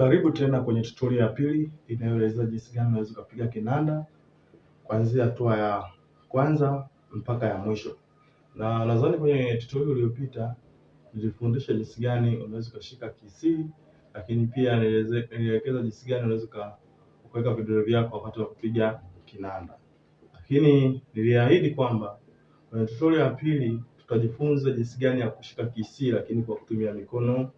Karibu tena kwenye tutorial ya pili inayoeleza jinsi gani unaweza ukapiga kinanda kuanzia hatua ya kwanza mpaka ya mwisho. Na nadhani kwenye tutorial iliyopita nilifundisha jinsi gani unaweza ukashika kisi, lakini pia nilielekeza jinsi gani unaweza kuweka vidole vyako wakati wa kupiga kinanda. Lakini niliahidi kwamba kwenye tutorial ya pili tutajifunza jinsi gani ya kushika kisi, lakini kwa kutumia mikono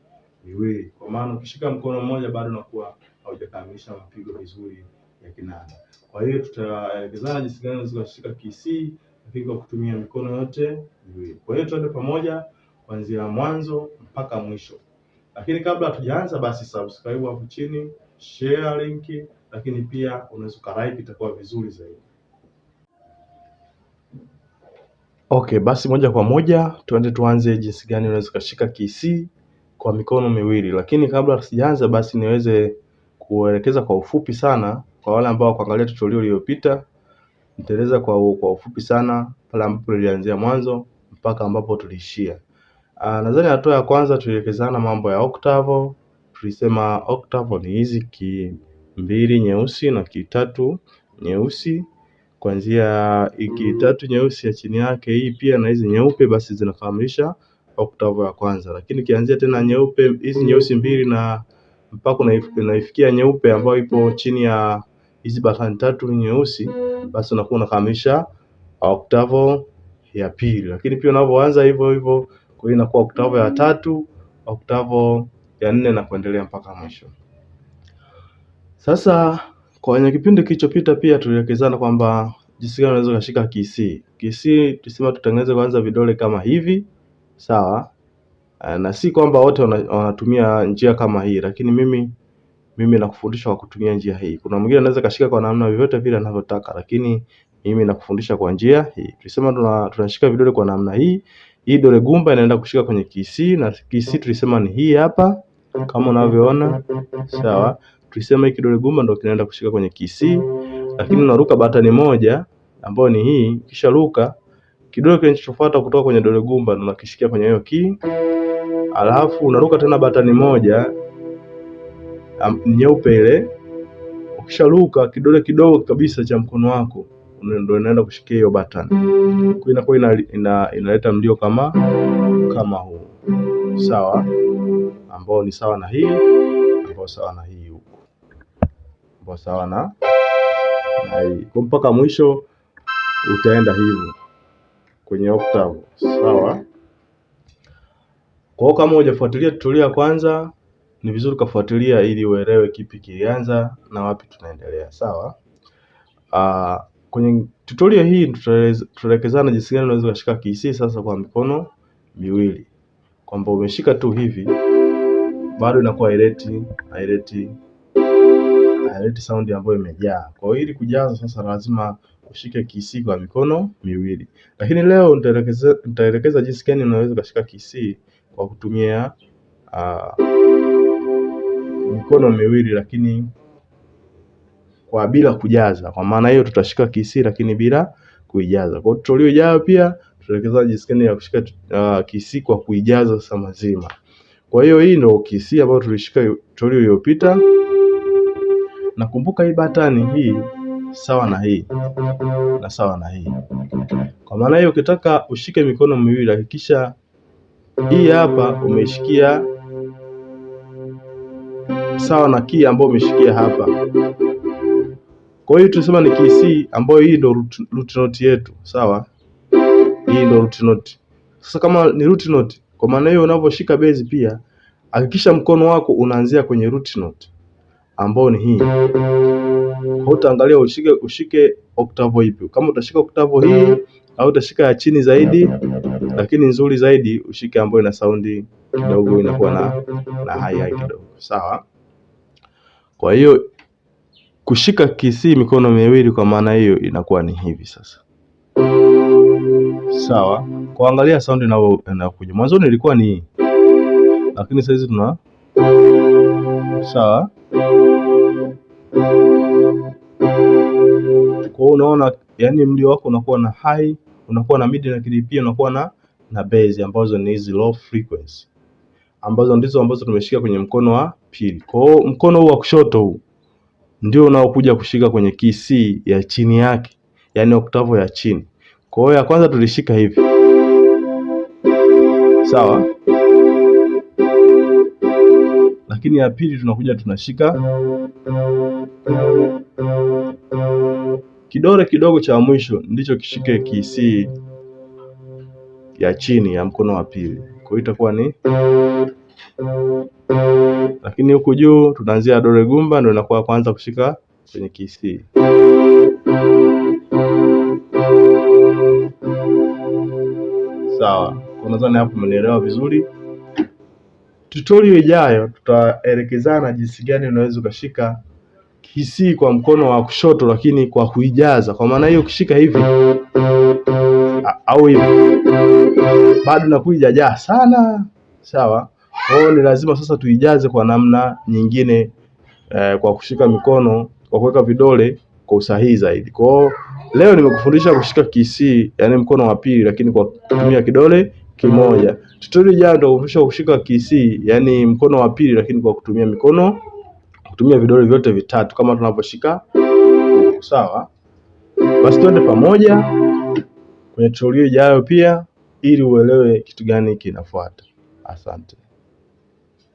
miwili, kwa maana ukishika mkono mmoja bado unakuwa haujakamilisha mapigo vizuri ya kinanda. Kwa hiyo tutaelekezana jinsi gani unaweza kushika KC lakini kwa kutumia mikono yote miwili. Kwa hiyo tuende pamoja kuanzia mwanzo mpaka mwisho. Lakini kabla hatujaanza, basi subscribe hapo chini, share link, lakini pia unaweza ukalike, itakuwa vizuri zaidi. Okay, basi moja kwa moja tuende tuanze jinsi gani unaweza ukashika KC kwa mikono miwili, lakini kabla sijaanza basi niweze kuelekeza kwa ufupi sana kwa wale ambao kuangalia tutorial iliyopita, nitaeleza kwa kwa ufupi sana pale ambapo nilianzia mwanzo mpaka ambapo tuliishia. Uh, Nadhani hatua ya kwanza tulielekezana mambo ya octave. Tulisema octave ni hizi ki mbili nyeusi na ki tatu nyeusi kuanzia iki tatu nyeusi ya chini yake hii pia na hizi nyeupe, basi zinafahamisha Oktoba ya kwanza, lakini ukianzia tena nyeupe hizi mm-hmm. nyeusi mbili na mpaka unaifikia nyeupe ambayo ipo mm-hmm. chini ya hizi bahari tatu nyeusi, basi unakuwa unakamilisha oktavo ya pili. Lakini pia unapoanza hivyo hivyo, kwa hiyo inakuwa oktavo ya mm-hmm. tatu, oktavo ya nne na kuendelea mpaka mwisho. Sasa kwenye kipindi kilichopita pia tulielekezana kwamba jinsi gani unaweza kushika KC. KC tuseme tutengeneze kwanza vidole kama hivi sawa, eh, na si kwamba wote wanatumia njia kama hii, lakini mimi mimi nakufundisha kwa kutumia njia hii. Kuna mwingine anaweza kashika kwa namna yoyote vile anavyotaka, lakini mimi nakufundisha kwa njia hii. Tulisema tuna, tunashika vidole kwa namna hii. Hii dole gumba inaenda kushika kwenye kisi na kisi tulisema ni hii hapa kama unavyoona sawa. Tulisema hiki kidole gumba ndio kinaenda kushika kwenye kisi, lakini unaruka batani moja ambayo ni hii, kisha ruka Kidole kinachofuata kutoka kwenye dole gumba ndo unakishikia kwenye hiyo key, alafu unaruka tena batani moja nyeupe ile. Ukisharuka kidole kidogo kabisa cha mkono wako ndo inaenda kushikia hiyo batani, kwa inakuwa inaleta ina, ina mlio kama kama huu sawa, ambao ni sawa na hii, ambao sawa na hii huku, ambao sawa na, na hii kwa mpaka mwisho utaenda hivyo kwenye octave sawa. Kwa hiyo kama hujafuatilia tutorial ya kwanza, ni vizuri ukafuatilia ili uelewe kipi kilianza na wapi tunaendelea sawa. Uh, kwenye tutorial hii tutaelekezana jinsi gani unaweza kushika kisi sasa kwa mikono miwili, kwamba umeshika tu hivi bado inakuwa haileti haileti haileti sound ambayo imejaa. Kwa hiyo ili kujaza sasa lazima kushika KC kwa mikono miwili, lakini leo nitaelekeza jinsi gani unaweza kushika KC kwa kutumia uh, mikono miwili lakini kwa bila kujaza. Kwa maana hiyo tutashika KC lakini bila kuijaza. Kwa hiyo tulioijaza pia tutaelekeza jinsi gani ya kushika uh, KC kwa kuijaza sasa mazima. Kwa hiyo hii ndio KC ambayo tulishika tutorial iliyopita. Nakumbuka hii batani hii sawa na hii na sawa na hii. Kwa maana hiyo, ukitaka ushike mikono miwili, hakikisha hii hapa umeshikia sawa na kii ambayo umeshikia hapa. Kwa hiyo tunasema ni key C ambayo hii ndo root, root note yetu sawa. Hii ndo root note. Sasa kama ni root note, kwa maana hiyo unavyoshika bezi pia hakikisha mkono wako unaanzia kwenye root note ambayo ni hii. Utaangalia ushike ushike oktavo ipi, kama utashika oktavo hii au utashika ya chini zaidi, lakini nzuri zaidi ushike ambayo ina saundi kidogo, inakuwa na na hai hai kidogo, sawa. Kwa hiyo kushika kisi mikono miwili, kwa maana hiyo inakuwa ni hivi sasa, sawa. Kuangalia saundi inayokuja mwanzo ilikuwa ni, lakini sasa hizi tuna sawa. Kwa hiyo unaona, yani mlio wako unakuwa na high, unakuwa na mid lakini pia unakuwa na na bass ambazo ni hizi low frequency ambazo ndizo ambazo tumeshika kwenye mkono wa pili. Kwa hiyo mkono huu wa kushoto huu ndio unaokuja kushika kwenye key C ya chini yake, yani octave ya chini. Kwa hiyo ya kwanza tulishika hivi, sawa lakini ya pili tunakuja tunashika kidole kidogo cha mwisho ndicho kishike kisi ya chini ya mkono wa pili, kwa hiyo itakuwa ni lakini huku juu tunaanzia dole gumba ndio inakuwa kwanza kushika kwenye kisi. Sawa, kwa nadhani hapo mmenielewa vizuri. Tutorial ijayo tutaelekezana jinsi gani unaweza ukashika hisi kwa mkono wa kushoto, lakini kwa kuijaza. Kwa maana hiyo, ukishika hivi au hivi, bado nakuijajaa sana, sawa? Kwa hiyo ni lazima sasa tuijaze kwa namna nyingine eh, kwa kushika mikono, kwa kuweka vidole kwa usahihi zaidi. Kwa hiyo leo nimekufundisha kushika kisii, yani mkono wa pili, lakini kwa kutumia kidole kimoja. Mm. Tutorial ijayo nitawafundisha kushika KC, yani mkono wa pili, lakini kwa kutumia mikono, kutumia vidole vyote vitatu kama tunavyoshika. Sawa, basi twende pamoja kwenye tutorial ijayo pia, ili uelewe kitu gani kinafuata. Asante.